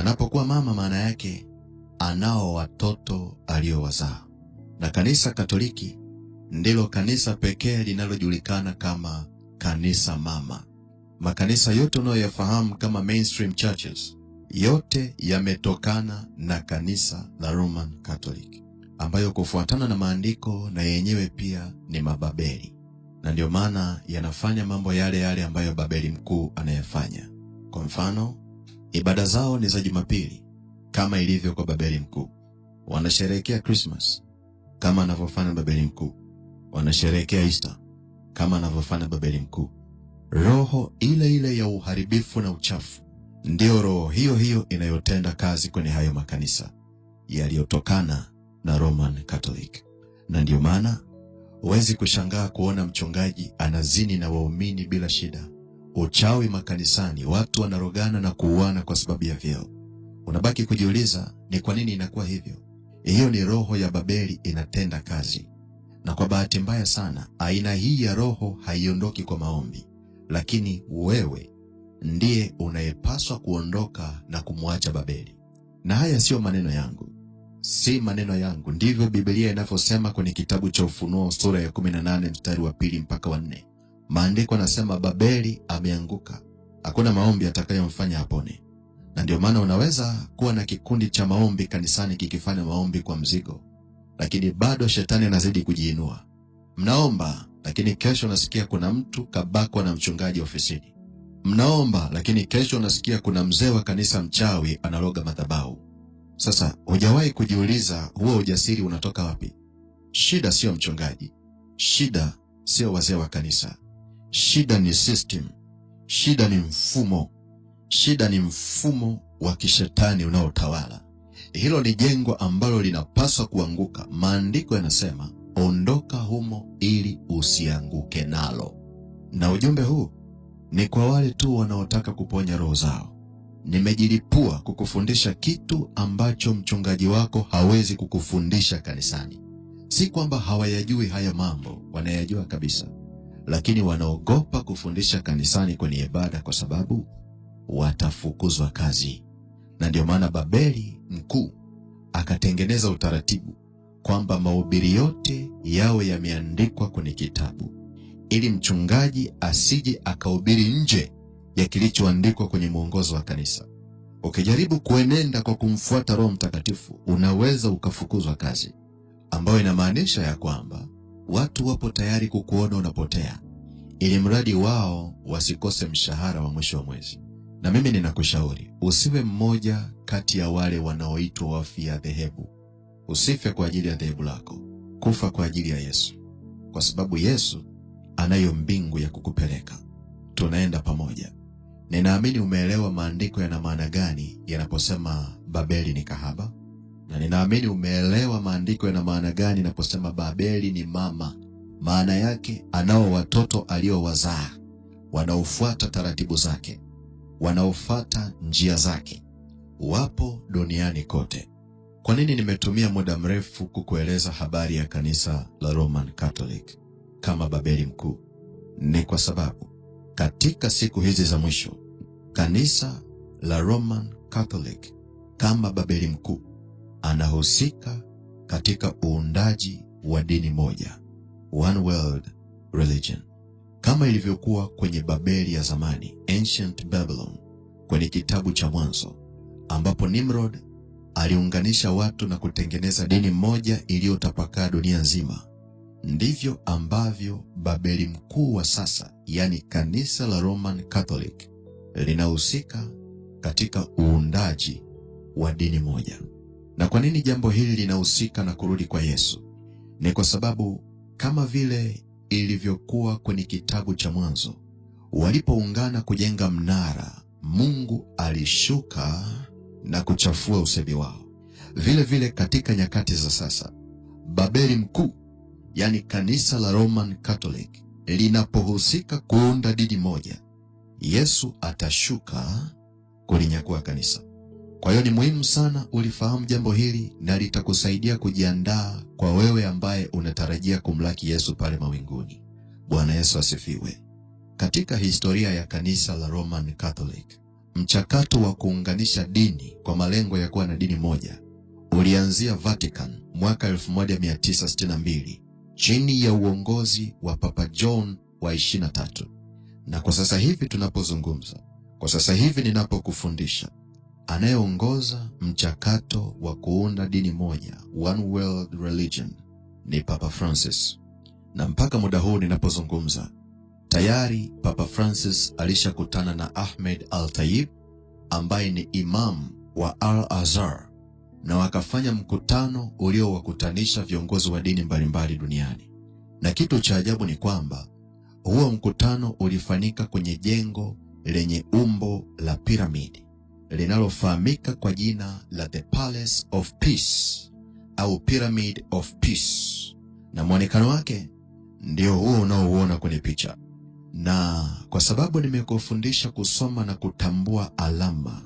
Anapokuwa mama, maana yake anao watoto aliowazaa, na kanisa Katoliki ndilo kanisa pekee linalojulikana kama kanisa mama. Makanisa yote unayoyafahamu kama mainstream churches yote yametokana na kanisa la Roman Catholic, ambayo kufuatana na maandiko na yenyewe pia ni mababeli, na ndiyo maana yanafanya mambo yale yale ambayo babeli mkuu anayafanya. Kwa mfano Ibada zao ni za Jumapili kama ilivyo kwa Babeli Mkuu. Wanasherehekea Christmas kama anavyofanya Babeli Mkuu. Wanasherehekea Easter kama anavyofanya Babeli Mkuu. Roho ile ile ya uharibifu na uchafu ndiyo roho hiyo hiyo inayotenda kazi kwenye hayo makanisa yaliyotokana na Roman Catholic, na ndiyo maana huwezi kushangaa kuona mchungaji anazini na waumini bila shida uchawi makanisani, watu wanarogana na kuuana kwa sababu ya vyeo. Unabaki kujiuliza ni kwa nini inakuwa hivyo. Hiyo ni roho ya Babeli inatenda kazi, na kwa bahati mbaya sana aina hii ya roho haiondoki kwa maombi, lakini wewe ndiye unayepaswa kuondoka na kumwacha Babeli. Na haya siyo maneno yangu, si maneno yangu, ndivyo Biblia inavyosema kwenye kitabu cha Ufunuo sura ya 18 mstari wa pili mpaka wa nne. Maandiko anasema Babeli ameanguka, hakuna maombi atakayomfanya apone. Na ndio maana unaweza kuwa na kikundi cha maombi kanisani kikifanya maombi kwa mzigo, lakini bado shetani anazidi kujiinua. Mnaomba lakini kesho unasikia kuna mtu kabakwa na mchungaji ofisini. Mnaomba lakini kesho unasikia kuna mzee wa kanisa mchawi analoga madhabahu. Sasa hujawahi kujiuliza huo ujasiri unatoka wapi? Shida siyo mchungaji, shida siyo wazee wa kanisa. Shida ni system, shida ni mfumo, shida ni mfumo wa kishetani unaotawala. Hilo ni jengo ambalo linapaswa kuanguka. Maandiko yanasema ondoka humo ili usianguke nalo. Na ujumbe huu ni kwa wale tu wanaotaka kuponya roho zao. Nimejilipua kukufundisha kitu ambacho mchungaji wako hawezi kukufundisha kanisani. Si kwamba hawayajui haya mambo, wanayajua kabisa lakini wanaogopa kufundisha kanisani kwenye ibada kwa sababu watafukuzwa kazi. Na ndio maana Babeli mkuu akatengeneza utaratibu kwamba mahubiri yote yawe yameandikwa kwenye kitabu, ili mchungaji asije akahubiri nje ya kilichoandikwa kwenye mwongozo wa kanisa. Ukijaribu kuenenda kwa kumfuata Roho Mtakatifu, unaweza ukafukuzwa kazi, ambayo inamaanisha ya kwamba Watu wapo tayari kukuona unapotea, ili mradi wao wasikose mshahara wa mwisho wa mwezi. Na mimi ninakushauri usiwe mmoja kati ya wale wanaoitwa wafia dhehebu. Usife kwa ajili ya dhehebu lako, kufa kwa ajili ya Yesu, kwa sababu Yesu anayo mbingu ya kukupeleka. Tunaenda pamoja. Ninaamini umeelewa maandiko yana maana gani yanaposema Babeli ni kahaba na ninaamini umeelewa maandiko yana maana gani naposema Babeli ni mama. Maana yake anao watoto aliowazaa wanaofuata taratibu zake, wanaofuata njia zake, wapo duniani kote. Kwa nini nimetumia muda mrefu kukueleza habari ya kanisa la Roman Catholic kama Babeli mkuu? Ni kwa sababu katika siku hizi za mwisho kanisa la Roman Catholic kama Babeli mkuu anahusika katika uundaji wa dini moja, one world religion, kama ilivyokuwa kwenye Babeli ya zamani, ancient Babylon, kwenye kitabu cha Mwanzo, ambapo Nimrod aliunganisha watu na kutengeneza dini moja iliyotapakaa dunia nzima. Ndivyo ambavyo Babeli mkuu wa sasa, yaani kanisa la Roman Catholic, linahusika katika uundaji wa dini moja. Na kwa nini jambo hili linahusika na kurudi kwa Yesu? Ni kwa sababu kama vile ilivyokuwa kwenye kitabu cha Mwanzo, walipoungana kujenga mnara, Mungu alishuka na kuchafua usemi wao. Vile vile katika nyakati za sasa, Babeli mkuu, yani kanisa la Roman Catholic linapohusika kuunda dini moja, Yesu atashuka kulinyakua kanisa. Kwa hiyo ni muhimu sana ulifahamu jambo hili na litakusaidia kujiandaa kwa wewe ambaye unatarajia kumlaki Yesu pale mawinguni. Bwana Yesu asifiwe. Katika historia ya kanisa la Roman Catholic, mchakato wa kuunganisha dini kwa malengo ya kuwa na dini moja ulianzia Vatican mwaka 1962 chini ya uongozi wa Papa John wa 23. Na kwa sasa hivi tunapozungumza, kwa sasa hivi ninapokufundisha Anayeongoza mchakato wa kuunda dini moja, one world religion, ni Papa Francis, na mpaka muda huu ninapozungumza tayari Papa Francis alishakutana na Ahmed Al-Tayib ambaye ni imamu wa Al-Azhar na wakafanya mkutano uliowakutanisha viongozi wa dini mbalimbali duniani. Na kitu cha ajabu ni kwamba huo mkutano ulifanyika kwenye jengo lenye umbo la piramidi linalofahamika kwa jina la The Palace of Peace au Pyramid of Peace, na mwonekano wake ndio huo unaouona kwenye picha. Na kwa sababu nimekufundisha kusoma na kutambua alama,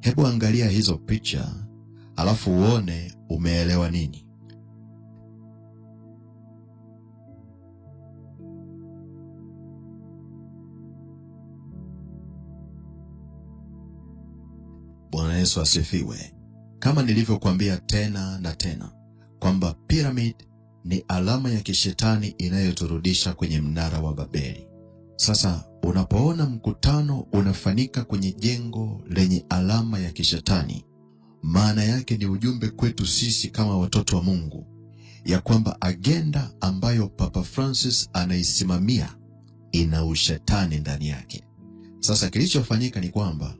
hebu angalia hizo picha, alafu uone umeelewa nini. Yesu asifiwe. Kama nilivyokuambia tena na tena kwamba piramid ni alama ya kishetani inayoturudisha kwenye mnara wa Babeli. Sasa unapoona mkutano unafanyika kwenye jengo lenye alama ya kishetani, maana yake ni ujumbe kwetu sisi kama watoto wa Mungu ya kwamba agenda ambayo Papa Francis anaisimamia ina ushetani ndani yake. Sasa kilichofanyika ni kwamba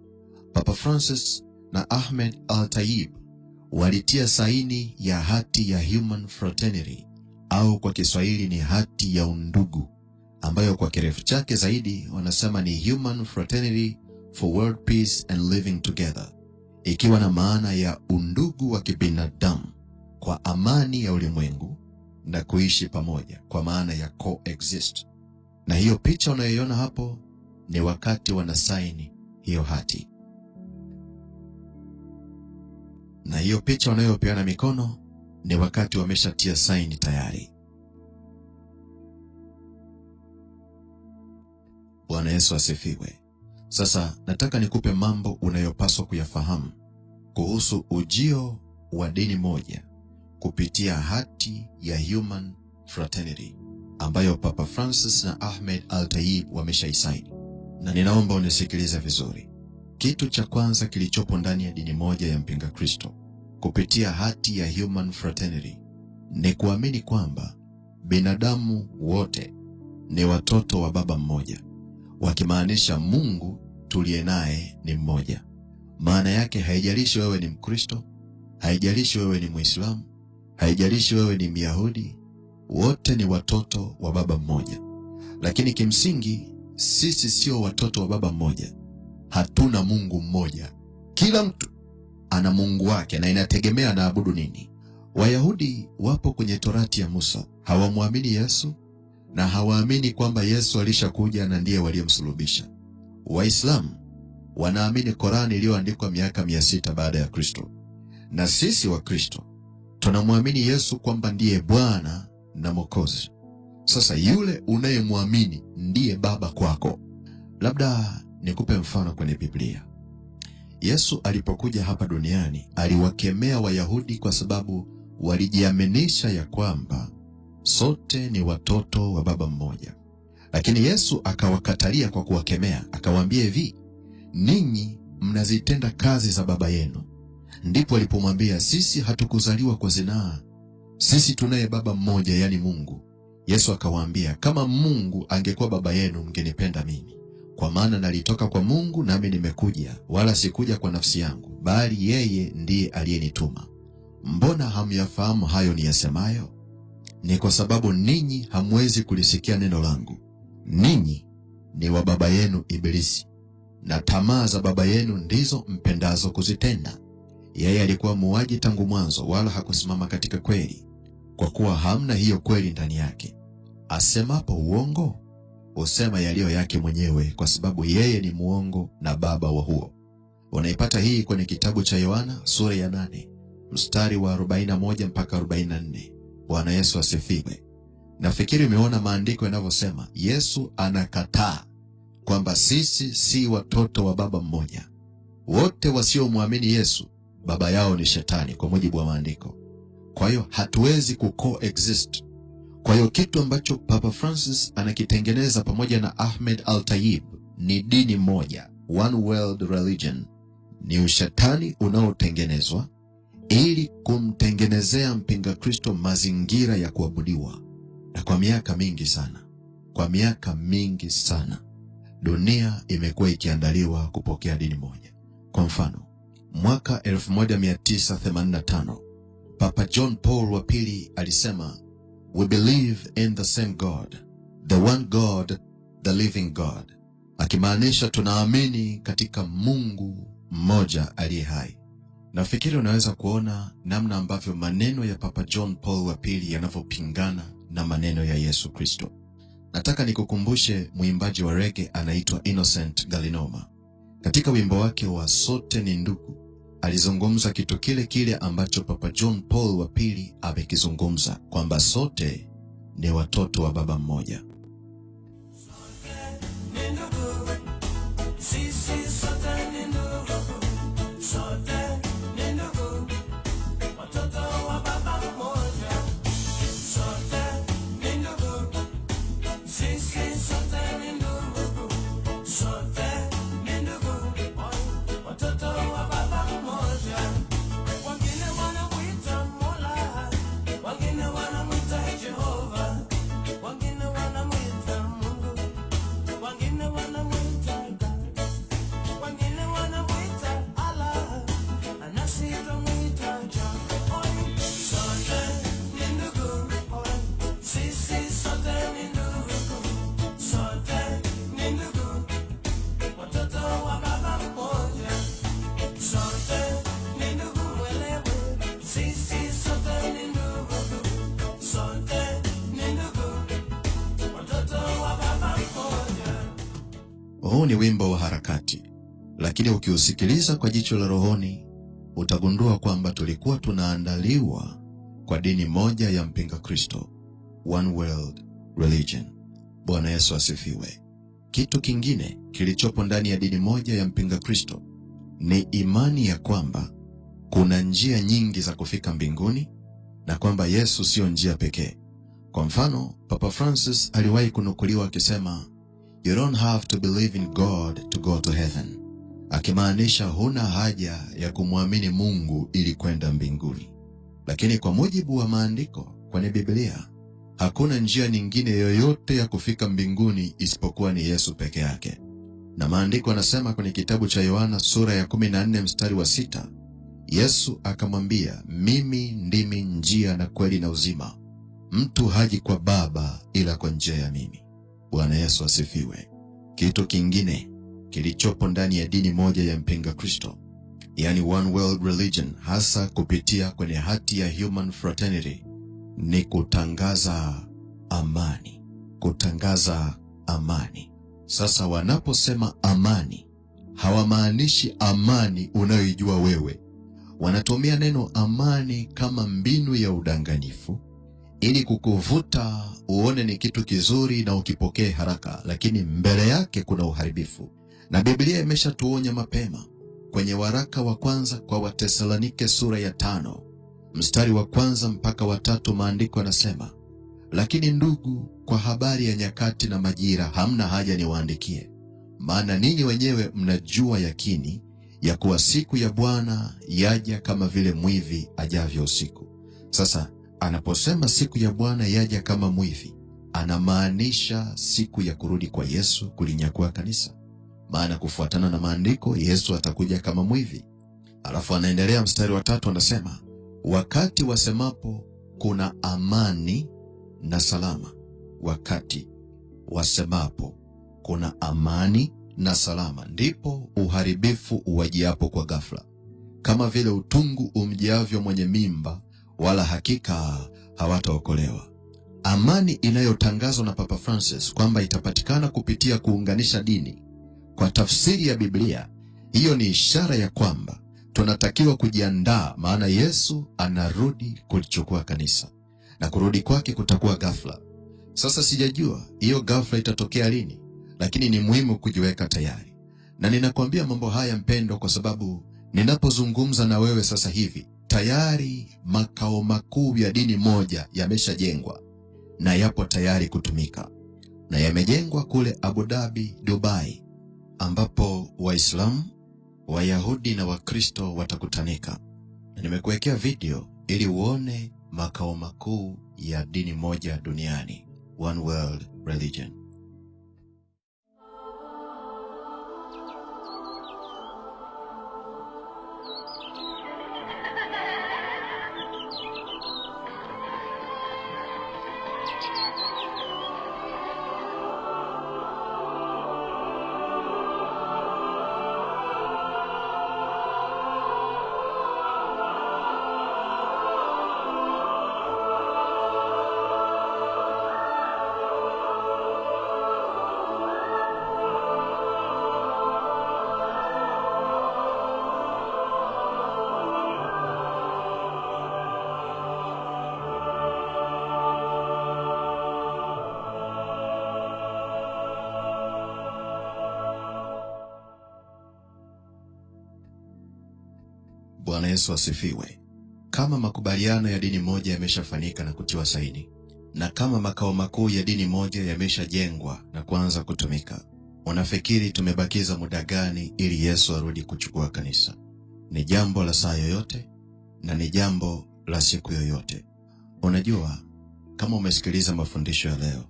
Papa Francis na Ahmed Al-Tayib walitia saini ya hati ya Human Fraternity au kwa Kiswahili ni hati ya undugu ambayo kwa kirefu chake zaidi wanasema ni Human Fraternity for World Peace and Living Together, ikiwa na maana ya undugu wa kibinadamu kwa amani ya ulimwengu na kuishi pamoja kwa maana ya coexist. Na hiyo picha unayoiona hapo ni wakati wanasaini hiyo hati. na hiyo picha wanayopeana mikono ni wakati wameshatia saini tayari. Bwana Yesu asifiwe. Sasa nataka nikupe mambo unayopaswa kuyafahamu kuhusu ujio wa dini moja kupitia hati ya Human Fraternity ambayo Papa Francis na Ahmed Al-Tayib wameshaisaini, na ninaomba unisikilize vizuri. Kitu cha kwanza kilichopo ndani ya dini moja ya mpinga Kristo kupitia hati ya Human Fraternity ni kuamini kwamba binadamu wote ni watoto wa baba mmoja, wakimaanisha Mungu tuliye naye ni mmoja. Maana yake haijalishi wewe ni Mkristo, haijalishi wewe ni Mwislamu, haijalishi wewe ni Myahudi, wote ni watoto wa baba mmoja. Lakini kimsingi sisi sio watoto wa baba mmoja, hatuna Mungu mmoja, kila mtu ana Mungu wake na inategemea anaabudu nini. Wayahudi wapo kwenye torati ya Musa, hawamwamini Yesu na hawaamini kwamba Yesu alishakuja na ndiye waliyemsulubisha. Waislamu wanaamini Korani iliyoandikwa miaka mia sita baada ya Kristo, na sisi Wakristo tunamwamini Yesu kwamba ndiye Bwana na Mwokozi. Sasa yule unayemwamini ndiye baba kwako. Labda Nikupe mfano kwenye Biblia. Yesu alipokuja hapa duniani aliwakemea Wayahudi kwa sababu walijiaminisha ya kwamba sote ni watoto wa baba mmoja, lakini Yesu akawakatalia kwa kuwakemea, akawaambia hivi, ninyi mnazitenda kazi za baba yenu. Ndipo alipomwambia sisi hatukuzaliwa kwa zinaa, sisi tunaye baba mmoja, yaani Mungu. Yesu akawaambia, kama Mungu angekuwa baba yenu, mngenipenda mimi, kwa maana nalitoka kwa Mungu nami nimekuja, wala sikuja kwa nafsi yangu, bali yeye ndiye aliyenituma. Mbona hamyafahamu hayo niyasemayo? Ni kwa sababu ninyi hamwezi kulisikia neno langu. Ninyi ni wa baba yenu Ibilisi, na tamaa za baba yenu ndizo mpendazo kuzitenda. Yeye alikuwa muuaji tangu mwanzo, wala hakusimama katika kweli, kwa kuwa hamna hiyo kweli ndani yake. Asemapo uongo husema yaliyo yake mwenyewe, kwa sababu yeye ni mwongo na baba wa huo. Unaipata hii kwenye kitabu cha Yohana sura ya 8 mstari wa 41 mpaka 44. Bwana Yesu asifiwe. Nafikiri umeona maandiko yanavyosema. Yesu anakataa kwamba sisi si watoto wa baba mmoja. Wote wasiomwamini Yesu baba yao ni Shetani, kwa mujibu wa maandiko. Kwa hiyo hatuwezi kuco-exist kwa hiyo kitu ambacho Papa Francis anakitengeneza pamoja na Ahmed Al-Tayib ni dini moja, one world religion. Ni ushetani unaotengenezwa ili kumtengenezea mpinga Kristo mazingira ya kuabudiwa. Na kwa miaka mingi sana, kwa miaka mingi sana, dunia imekuwa ikiandaliwa kupokea dini moja. Kwa mfano, mwaka 1985 Papa John Paul wa pili alisema We believe in the same God, the one God, the living God, akimaanisha tunaamini katika Mungu mmoja aliye hai. Nafikiri unaweza kuona namna ambavyo maneno ya Papa John Paul wa pili yanavyopingana na maneno ya Yesu Kristo. Nataka nikukumbushe mwimbaji wa rege anaitwa Innocent Galinoma katika wimbo wake wa sote ni ndugu alizungumza kitu kile kile ambacho Papa John Paul wa pili amekizungumza kwamba sote ni watoto wa baba mmoja. ni wimbo wa harakati, lakini ukiusikiliza kwa jicho la rohoni utagundua kwamba tulikuwa tunaandaliwa kwa dini moja ya mpinga Kristo, one world religion. Bwana Yesu asifiwe. Kitu kingine kilichopo ndani ya dini moja ya mpinga Kristo ni imani ya kwamba kuna njia nyingi za kufika mbinguni na kwamba Yesu siyo njia pekee. Kwa mfano, Papa Francis aliwahi kunukuliwa akisema You don't have to believe in God to go to heaven, akimaanisha huna haja ya kumwamini Mungu ili kwenda mbinguni. Lakini kwa mujibu wa maandiko kwenye Biblia, hakuna njia nyingine yoyote ya kufika mbinguni isipokuwa ni Yesu peke yake. Na maandiko anasema kwenye kitabu cha Yohana sura ya 14 mstari wa sita, Yesu akamwambia, mimi ndimi njia na kweli na uzima, mtu haji kwa Baba ila kwa njia ya mimi. Bwana Yesu asifiwe. Kitu kingine kilichopo ndani ya dini moja ya mpinga Kristo, yani one world religion, hasa kupitia kwenye hati ya Human Fraternity ni kutangaza amani, kutangaza amani. Sasa wanaposema amani, hawamaanishi amani unayoijua wewe. Wanatumia neno amani kama mbinu ya udanganyifu ili kukuvuta uone ni kitu kizuri na ukipokee haraka, lakini mbele yake kuna uharibifu. Na Biblia imeshatuonya mapema kwenye waraka wa kwanza kwa Watesalonike sura ya tano mstari wa kwanza mpaka watatu, maandiko yanasema lakini ndugu, kwa habari ya nyakati na majira, hamna haja niwaandikie, maana ninyi wenyewe mnajua yakini ya kuwa siku ya Bwana yaja kama vile mwivi ajavyo usiku. Sasa Anaposema siku ya Bwana yaja kama mwivi, anamaanisha siku ya kurudi kwa Yesu kulinyakua kanisa, maana kufuatana na maandiko Yesu atakuja kama mwivi. Alafu anaendelea mstari wa tatu, anasema wakati wasemapo kuna amani na salama, wakati wasemapo kuna amani na salama, ndipo uharibifu uwajiapo kwa ghafla, kama vile utungu umjiavyo mwenye mimba wala hakika hawataokolewa. Amani inayotangazwa na Papa Francis kwamba itapatikana kupitia kuunganisha dini kwa tafsiri ya Biblia, hiyo ni ishara ya kwamba tunatakiwa kujiandaa, maana Yesu anarudi kulichukua kanisa na kurudi kwake kutakuwa ghafla. Sasa sijajua hiyo ghafla itatokea lini, lakini ni muhimu kujiweka tayari. Na ninakwambia mambo haya mpendo, kwa sababu ninapozungumza na wewe sasa hivi tayari makao makuu ya dini moja yameshajengwa na yapo tayari kutumika na yamejengwa kule Abu Dhabi, Dubai, ambapo Waislamu, Wayahudi na Wakristo watakutanika. Na nimekuwekea video ili uone makao makuu ya dini moja duniani, One World Religion. Bwana Yesu asifiwe. Kama makubaliano ya dini moja yameshafanyika na kutiwa saini, na kama makao makuu ya dini moja yameshajengwa na kuanza kutumika, unafikiri tumebakiza muda gani ili Yesu arudi kuchukua kanisa? Ni jambo la saa yoyote na ni jambo la siku yoyote. Unajua, kama umesikiliza mafundisho ya leo,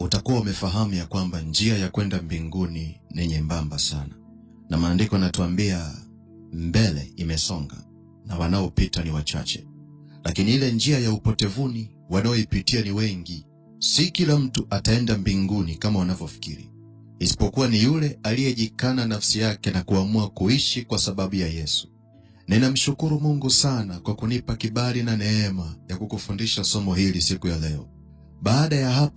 utakuwa umefahamu ya kwamba njia ya kwenda mbinguni ni nyembamba sana, na maandiko yanatuambia mbele imesonga na wanaopita ni wachache, lakini ile njia ya upotevuni wanaoipitia ni wengi. Si kila mtu ataenda mbinguni kama wanavyofikiri, isipokuwa ni yule aliyejikana nafsi yake na kuamua kuishi kwa sababu ya Yesu. Ninamshukuru Mungu sana kwa kunipa kibali na neema ya kukufundisha somo hili siku ya leo. Baada ya hapa